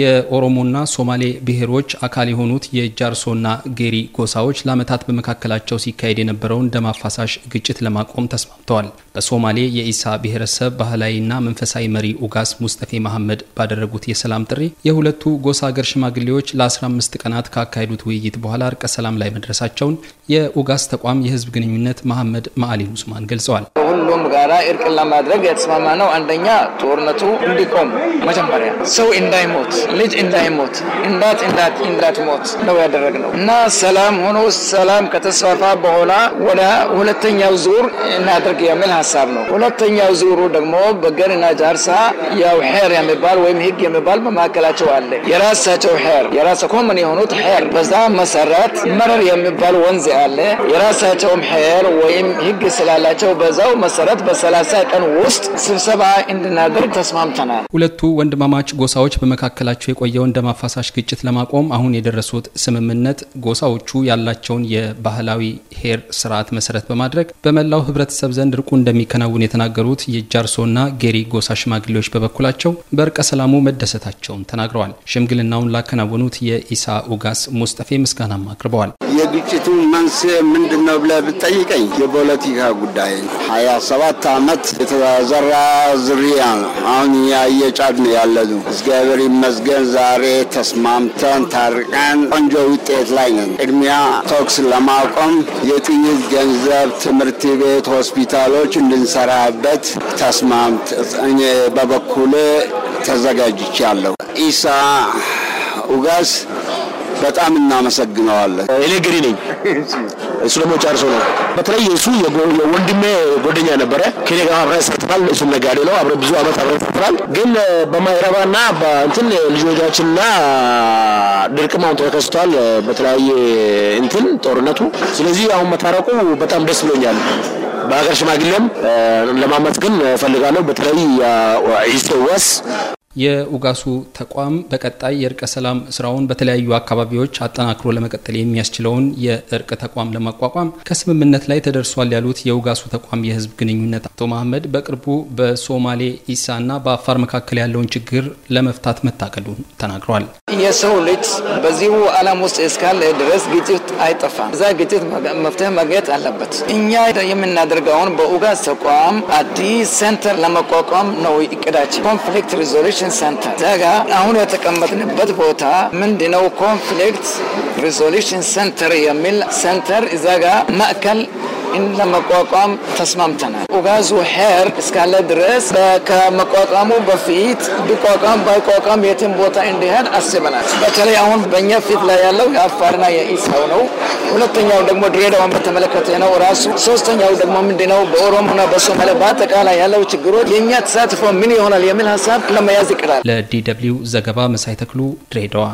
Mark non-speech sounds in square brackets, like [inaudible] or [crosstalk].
የኦሮሞና ሶማሌ ብሔሮች አካል የሆኑት የጃርሶና ጌሪ ጎሳዎች ለዓመታት በመካከላቸው ሲካሄድ የነበረውን ደም አፋሳሽ ግጭት ለማቆም ተስማምተዋል። በሶማሌ የኢሳ ብሔረሰብ ባህላዊና መንፈሳዊ መሪ ኡጋስ ሙስጠፌ መሐመድ ባደረጉት የሰላም ጥሪ የሁለቱ ጎሳ አገር ሽማግሌዎች ለ15 ቀናት ካካሄዱት ውይይት በኋላ እርቀ ሰላም ላይ መድረሳቸውን የኡጋስ ተቋም የሕዝብ ግንኙነት መሐመድ ማአሊን ኡስማን ገልጸዋል። ሁሉም ጋራ እርቅን ለማድረግ የተስማማ ነው። አንደኛ ጦርነቱ እንዲቆም መጀመሪያ ሰው እንዳይሞት ልጅ እንዳይሞት እንዳት እንዳት እንዳትሞት ነው ያደረግነው እና ሰላም ሆኖ ሰላም ከተስፋፋ በኋላ ወደ ሁለተኛው ዙር እናድርግ የሚል ሀሳብ ነው። ሁለተኛው ዙሩ ደግሞ በገርና ጃርሳ ያው ሄር የሚባል ወይም ህግ የሚባል በመካከላቸው አለ። የራሳቸው ሄር የራሳ ኮመን የሆኑት ሄር፣ በዛ መሰረት መረር የሚባል ወንዝ አለ። የራሳቸውም ሄር ወይም ህግ ስላላቸው በዛው መሰረት በሰላሳ ቀን ውስጥ ስብሰባ እንድናደርግ ተስማምተናል። ሁለቱ ወንድማማች ጎሳዎች በመካከላቸው በመካከላቸው የቆየውን ደም አፋሳሽ ግጭት ለማቆም አሁን የደረሱት ስምምነት ጎሳዎቹ ያላቸውን የባህላዊ ሄር ስርዓት መሰረት በማድረግ በመላው ህብረተሰብ ዘንድ እርቁ እንደሚከናውን የተናገሩት የጃርሶና ጌሪ ጎሳ ሽማግሌዎች በበኩላቸው በእርቀ ሰላሙ መደሰታቸውን ተናግረዋል። ሽምግልናውን ላከናወኑት የኢሳ ኡጋስ ሙስጠፌ ምስጋናም አቅርበዋል። የግጭቱ መንስኤ ምንድን ነው ብለህ ብትጠይቀኝ የፖለቲካ ጉዳይ ሀያ ሰባት አመት የተዘራ ዝርያ ነው። አሁን እየጫድ ነው ያለ እግዚአብሔር ይመስገን። ግን ዛሬ ተስማምተን ታርቀን ቆንጆ ውጤት ላይ ነን። ቅድሚያ ተኩስ ለማቆም የጥይት ገንዘብ፣ ትምህርት ቤት፣ ሆስፒታሎች እንድንሰራበት ተስማምት እኔ በበኩሌ ተዘጋጅቻለሁ። ኢሳ ኡጋስ በጣም እናመሰግነዋለን። እኔ ግሪ ነኝ። [laughs] እሱ ደግሞ ጨርሶ ነው። በተለይ እሱ ወንድሜ ጓደኛ ነበረ ከኔ ጋር አብረን ሰርተናል። እሱ ነጋዴ ነው። አብረን ብዙ አመት አብረን ሰርተናል። ግን በማይረባና በእንትን ልጆቻችንና ድርቅም አሁን ተከስቷል በተለያየ እንትን ጦርነቱ። ስለዚህ አሁን መታረቁ በጣም ደስ ብሎኛል። በሀገር ሽማግሌም ለማመስገን እፈልጋለሁ። በተለይ ኢሴዋስ የኡጋሱ ተቋም በቀጣይ የእርቀ ሰላም ስራውን በተለያዩ አካባቢዎች አጠናክሮ ለመቀጠል የሚያስችለውን የእርቅ ተቋም ለማቋቋም ከስምምነት ላይ ተደርሷል ያሉት የኡጋሱ ተቋም የህዝብ ግንኙነት አቶ መሀመድ በቅርቡ በሶማሌ ኢሳና በአፋር መካከል ያለውን ችግር ለመፍታት መታቀዱን ተናግሯል። የሰው ልጅ በዚሁ ዓለም ውስጥ እስካለ ድረስ ግጭት አይጠፋም። እዛ ግጭት መፍትሄ ማግኘት አለበት። እኛ የምናደርገውን በኡጋዝ ተቋም አዲስ ሴንተር ለመቋቋም ነው እቅዳችን። ኮንፍሊክት ሪዞሉሽን ሴንተር ዛጋ አሁን የተቀመጥንበት ቦታ ምንድነው? ኮንፍሊክት ሪዞሉሽን ሴንተር የሚል ሴንተር እዛጋ ማዕከል ይህን ለመቋቋም ተስማምተናል። ኡጋዙ ሄር እስካለ ድረስ ከመቋቋሙ በፊት ቢቋቋም ባይቋቋም የትም ቦታ እንዲሄድ አስበናል። በተለይ አሁን በእኛ ፊት ላይ ያለው የአፋርና የኢሳው ነው። ሁለተኛው ደግሞ ድሬዳዋን በተመለከተ ነው ራሱ። ሶስተኛው ደግሞ ምንድነው በኦሮሞና በሶማሌ በአጠቃላይ ያለው ችግሮች የእኛ ተሳትፎ ምን ይሆናል የሚል ሀሳብ ለመያዝ ይቅዳል። ለዲ ደብልዩ ዘገባ መሳይ ተክሉ ድሬዳዋ